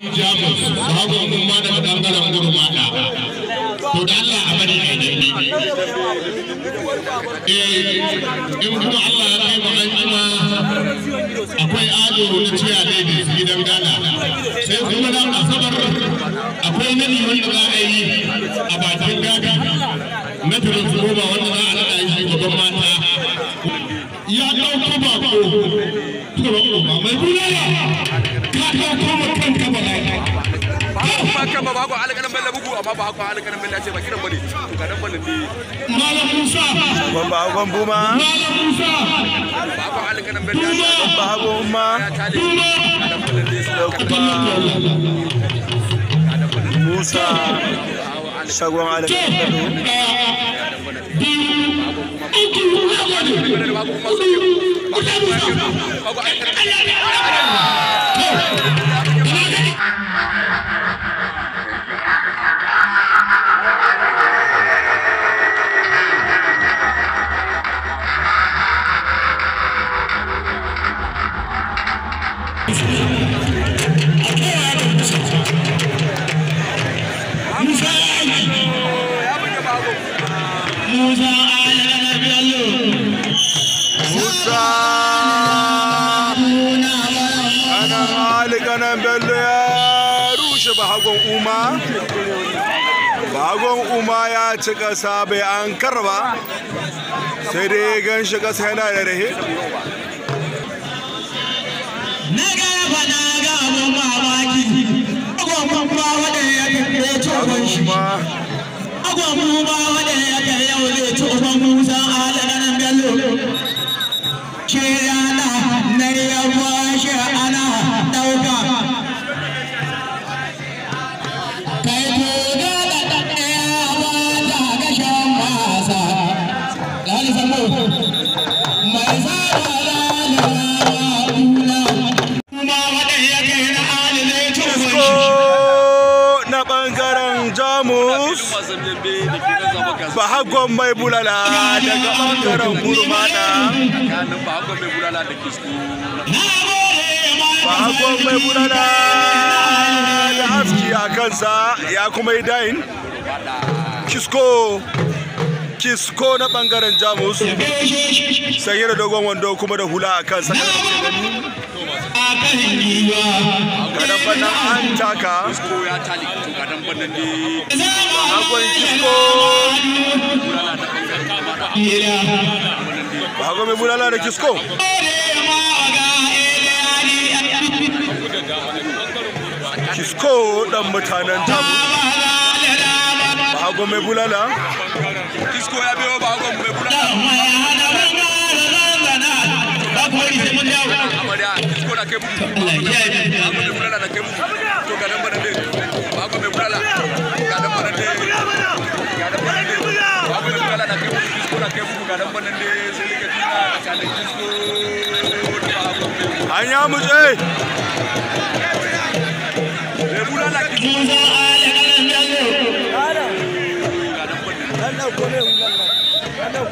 jamus babu gurma daga bangaren gurma da to da Allah a in kuma Allah ya akwai ado na ciya daidai gidan gana sai kuma ran asabar akwai nadi wanda za a yi a bakin gaga na turin goma wanda za a yi shi gaban mata ya dauko bako to ba mai bulala ka dauko da bugu amma ba haka halin kanan billahi ba kiran bane to ga dan ne malam musa ban ba hagon buma malam musa ba haka halin kanan billahi ban ba hagon umma musa shagon alaƙa Thank you. Ana anan Bello ya rushe bahagon Uma bahagon Uma ya ci bai an karba sai dai gan shi yana da rahe na gaba ga ba wadda ya kai shi ya kai yau zai ci uban musa a alaƙanan bello bahagon mai bulala daga bangaren gurmana bahagon mai bulala da kisko bahagon mai bulala da haski a kansa ya kuma yi dain kisko kisko na bangaren jamus sanye da dogon wando kuma da hula a kan sakarar ce gani gadan bannan an taka kisko ya tali to gadan bannan agon kisko bago mai bulala da kisko kisko dan mutanen jamus bago mai bulala disko ya biyo ba hagon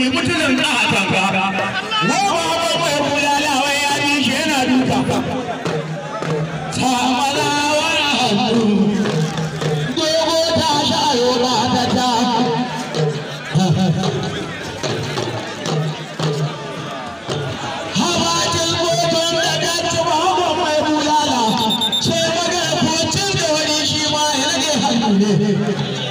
bi mutumin kahatanka wai ba ba ba bulala ya bi shi yana duka wani hannu dogo ta sha yola ta ta motar da ta ci mai ma hannu ne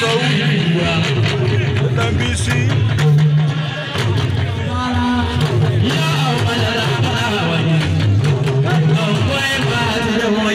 sau da ya bisi wallahi an nan na gaba an wara a da bai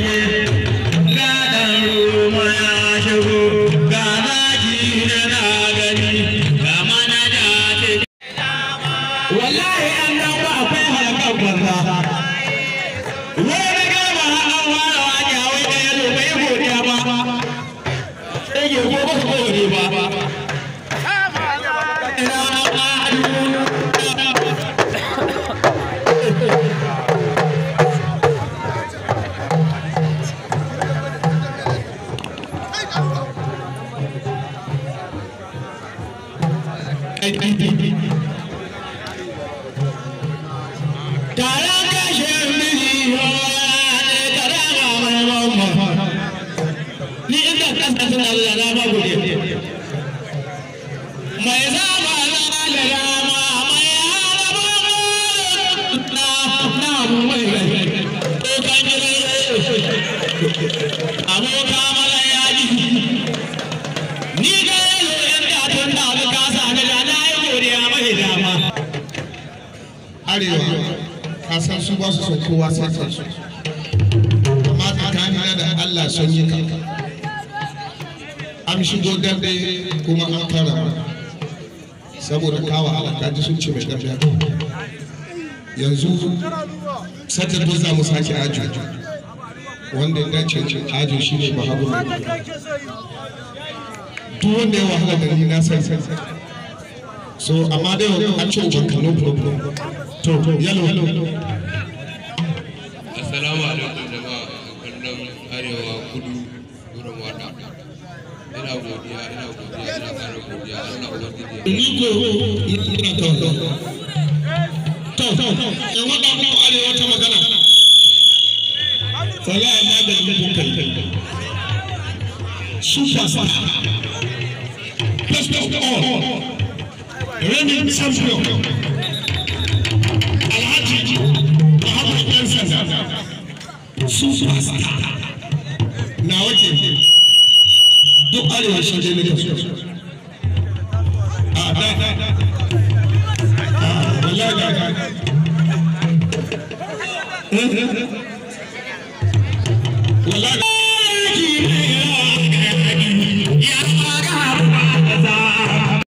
aboka ya ji ni yan da kasa na da na yi godiya mai dama arewa su ba su kowa sai su amma tsakanina da Allah sun yi kanka an shigo dambe kuma an kara saboda kawo alaka sun ce mai dambe yanzu satar za mu sake ajiye wanda ya ce hajji shi ne ba hagu duk wanda ya wahala da ni na san so amma dai an ce uban kano problem to yalo yalo assalamu alaikum jama'a kallon arewa kudu wurin wata ina godiya ina godiya ina ƙara godiya ubangiji ni ko ina to to to magana Superstar. Best of all. Reigning champion. Alhaji Muhammad Dan Sanda. Na wake. Duk arewa shi ne nake so. A da. Wallahi da. Eh eh